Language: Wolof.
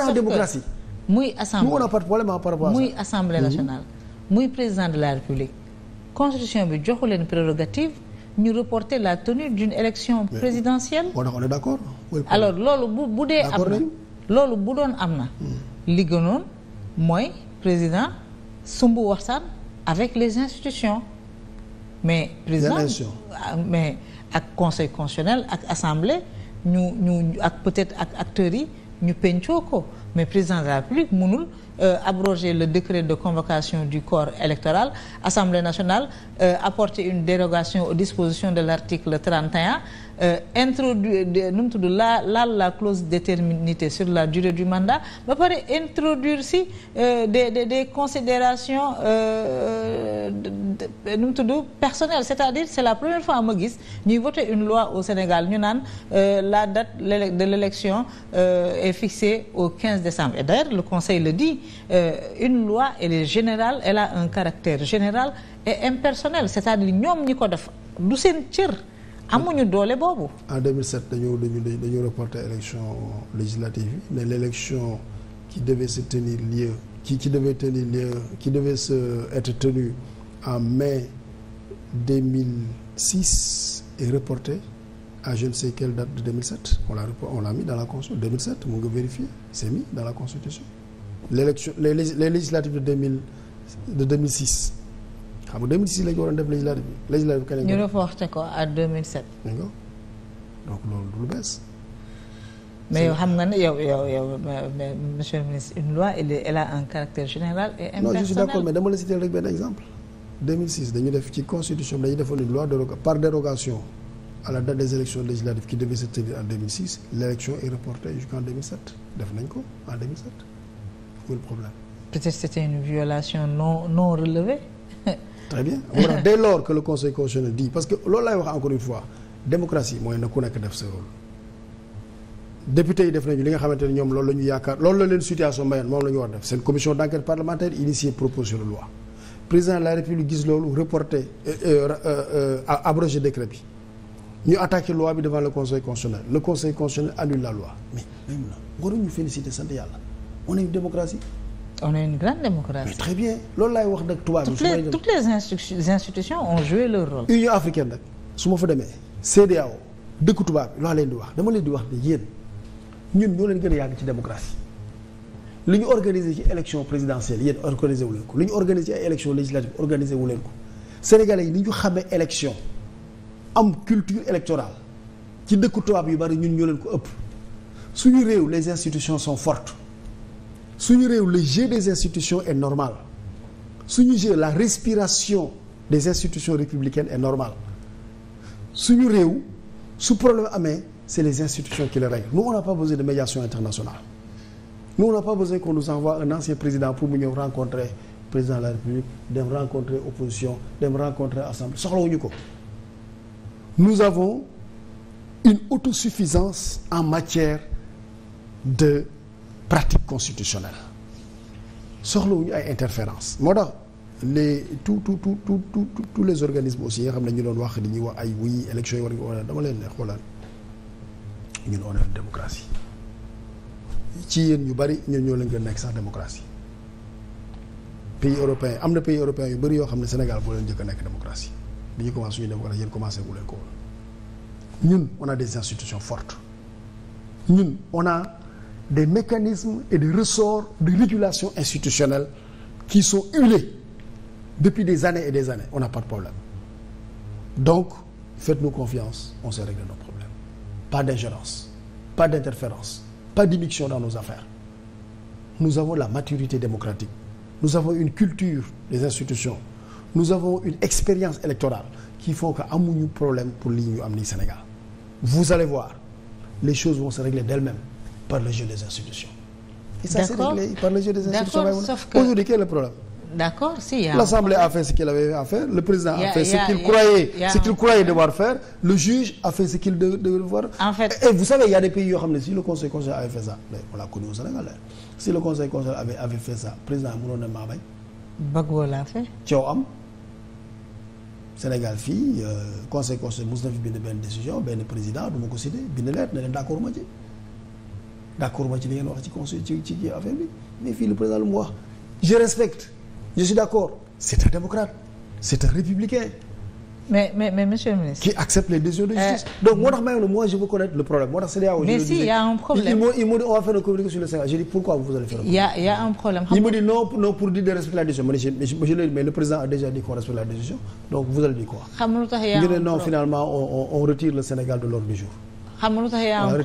on est en démocratie. muy assemblée nous on n'a pas de problème par rapport à ça. Mm-hmm. muy assemblée président de la république. constitution bi joxu leen prérogative ñu reporter la tenue d'une élection présidentielle. on est d'accord. alors loolu bu bu dee am na loolu bu doon am na. Mm. li mooy président sumb waxtaan avec les institutions. mais président ah, mais ak conseil constitutionnel ak assemblée ñu ñu ak peut-être ak acteurs yi. ñu pencoo ko mais président de la République mënul euh, abroger le décret de convocation du corps électoral Assemblée nationale euh, apporter une dérogation aux dispositions de l'article 31 euh, introduire nu mu tudd la laal la clause d'éternité sur la durée du mandat ba pare introduire si euh, des des des considérations euh, euh, nu mu tudd personnelles c'est-à-dire c'est la première fois ma gis ñuy voter une loi au Sénégal ñu naan la date de l'élection est fixée au décembre. Et d'ailleurs, le Conseil le dit, euh, une loi, elle est générale, un caractère général et impersonnel. C'est-à-dire, ñoom ñi ko def du seen cër amuñu doole boobu. En 2007, dañoo dañu dañoo reporté élection législative yi mais l'élection qui devait se tenir lieu qui qui devait tenir lieu qui devait se être tenue en mai 2006 est reportée. à je ne on l'a on l'a mis dans la constitution 2007 mu nga vérifier c'est mis dans la constitution l'élection les, les législatives de xam nga 2006 la ñu waroon def législative bi législative kañ ñu lu bees mais yow xam nga ne yow yow yow monsieur le ministre une loi elle a un caractère général et impersonnel dama la citer rek benn exemple dañu def ci constitution bi dañu defoon une loi par dérogation à la date des élections législatives qui devaient se tenir en 2006 l'élection est reportée jusqu'en 2007 def nañ ko en 2007 où le problème. peut-être c'était une violation non non relevée. très bien voilà dès lors que le conseil constitutionnel dit parce que loolu laay wax encore une fois démocratie mooy na ku nekk def sa rôle. député yi def nañu li nga xamante ne ñoom loolu la ñu yaakaar lool la leen situation mayoon moom la ñu war def seen commission d'enquête parlementaire initiée proposition la république gis loolu reporté euh, euh, euh, abrogé décret bi. ñu attaqué loi bi devant le conseil constitutionnel le conseil constitutionnel annule la loi mais même na waruñu féliciter sant yàlla on est une démocratie. on est une grande démocratie. très bien loolu laay wax nag tubaab bi. su may toutes les institu institutions ont joué leur rôle. Union africaine nag su ma fa demee. CEDEAO dëkk tubaab bi laa leen di wax dama leen di wax ne yéen ñun ñoo leen gën a yàgg ci démocratie li ñu organisé ci élection présidentielle yéen organisé wu ko li ñu organisé ay élection législative organisé wu leen ko sénégalais yi ni ñu xamee élection. am culture électorale ci dëkku tubaab yu bari ñun ñoo leen ko ëpp suñu réew les institutions son fortes suñu réew le jeu des institutions est normal suñu jeu la respiration des institutions républicaines est normale suñu réew su problème amee c'est les institutions qui le règlent nous on n'a pas besoin de médiation internationale nous on n'a pas besoin qu'on nous envoie un ancien président pour mu ñëw rencontrer président de la République dem rencontrer opposition dem rencontrer soxlawuñu ko nous avons une suffisance en matière de pratique constitutionnelle soxlawuñu ay interférence moo tax les tout tout tout tout tout tous les organismes aussi yi xam ne ñu doon wax dañuy wax ay wuy élection yi war nga dama leen ne xoolaan ñun on est démocratie ci yéen ñu bari ñun ñoo leen gën nekk sax démocratie pays européen am na pays européen yu bari yoo xam ne Sénégal boo leen njëkk a nekk démocratie bi ñu commencé suñu yéen commencé wu leen ko des institutions fortes ñun on des mécanismes et des ressorts de régulation institutionnelle qui sont huilés depuis des années et des années on n'a pas de problème donc faites-nous confiance on sait régler nos problèmes pas d'ingérence pas d'interférence pas d'immixtion dans nos affaires nous avons la maturité démocratique nous avons une culture des institutions nous avons une expérience électorale qui faut que amuñu problème pour lii ñu am nii Sénégal vous allez voir les choses vont se régler d'elles-mêmes par le jeu des institutions. et ça s'est réglé par le jeu des institutions. sauf que aujourd'hui quel le problème. l'Assemblée a fait ce qu'elle avait à faire le président a fait ce qu'il croyait devoir faire le juge a fait ce qu'il devoir en fait vous savez il y a des pays yoo xam ne si le conseil constitutionnel le conseil constitutionnel avait avait fait ça président l'a am. Sénégal fii euh, conseil conseil mos na fi bind benn décision benn président du ma ko cité bind leet ne leen d' ma ci d' accord ma ci li ngeen wax ci conseil ci ci ci affaire bi mais fii le président lu mu wax je respecte je suis d' accord c' est un démocrate c' est un républicain mais mais mais monsieur le ministre. qui accepte les décisions de justice. Euh, donc moo tax je veux connaître le problème moo tax CEDEAO. mais si y' a un on va faire le communiqué le Sénégal j'ai dit pourquoi vous allez faire. il y il y non pour dire de respecter la décision ma je le président a déjà dit qu'on la décision donc vous allez dire quoi. xam lu tax non finalement on retire le Sénégal de l'ordre du jour. xam lu tax y' a un